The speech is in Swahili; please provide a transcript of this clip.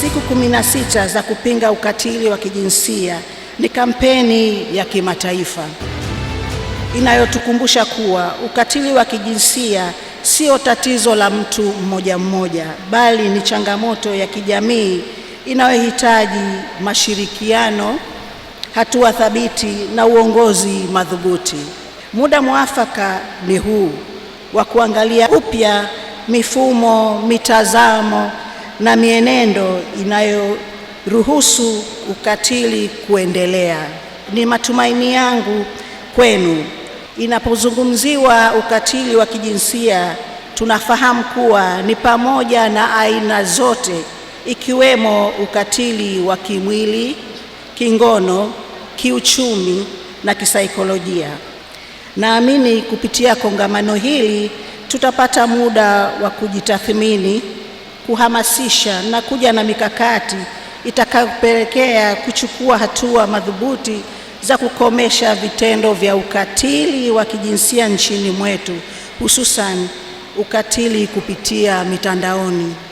Siku kumi na sita za kupinga ukatili wa kijinsia ni kampeni ya kimataifa inayotukumbusha kuwa ukatili wa kijinsia sio tatizo la mtu mmoja mmoja, bali ni changamoto ya kijamii inayohitaji mashirikiano, hatua thabiti na uongozi madhubuti. Muda mwafaka ni huu wa kuangalia upya mifumo, mitazamo na mienendo inayoruhusu ukatili kuendelea. Ni matumaini yangu kwenu, inapozungumziwa ukatili wa kijinsia tunafahamu kuwa ni pamoja na aina zote ikiwemo ukatili wa kimwili, kingono, kiuchumi na kisaikolojia. Naamini kupitia kongamano hili tutapata muda wa kujitathmini kuhamasisha na kuja na mikakati itakayopelekea kuchukua hatua madhubuti za kukomesha vitendo vya ukatili wa kijinsia nchini mwetu, hususan ukatili kupitia mitandaoni.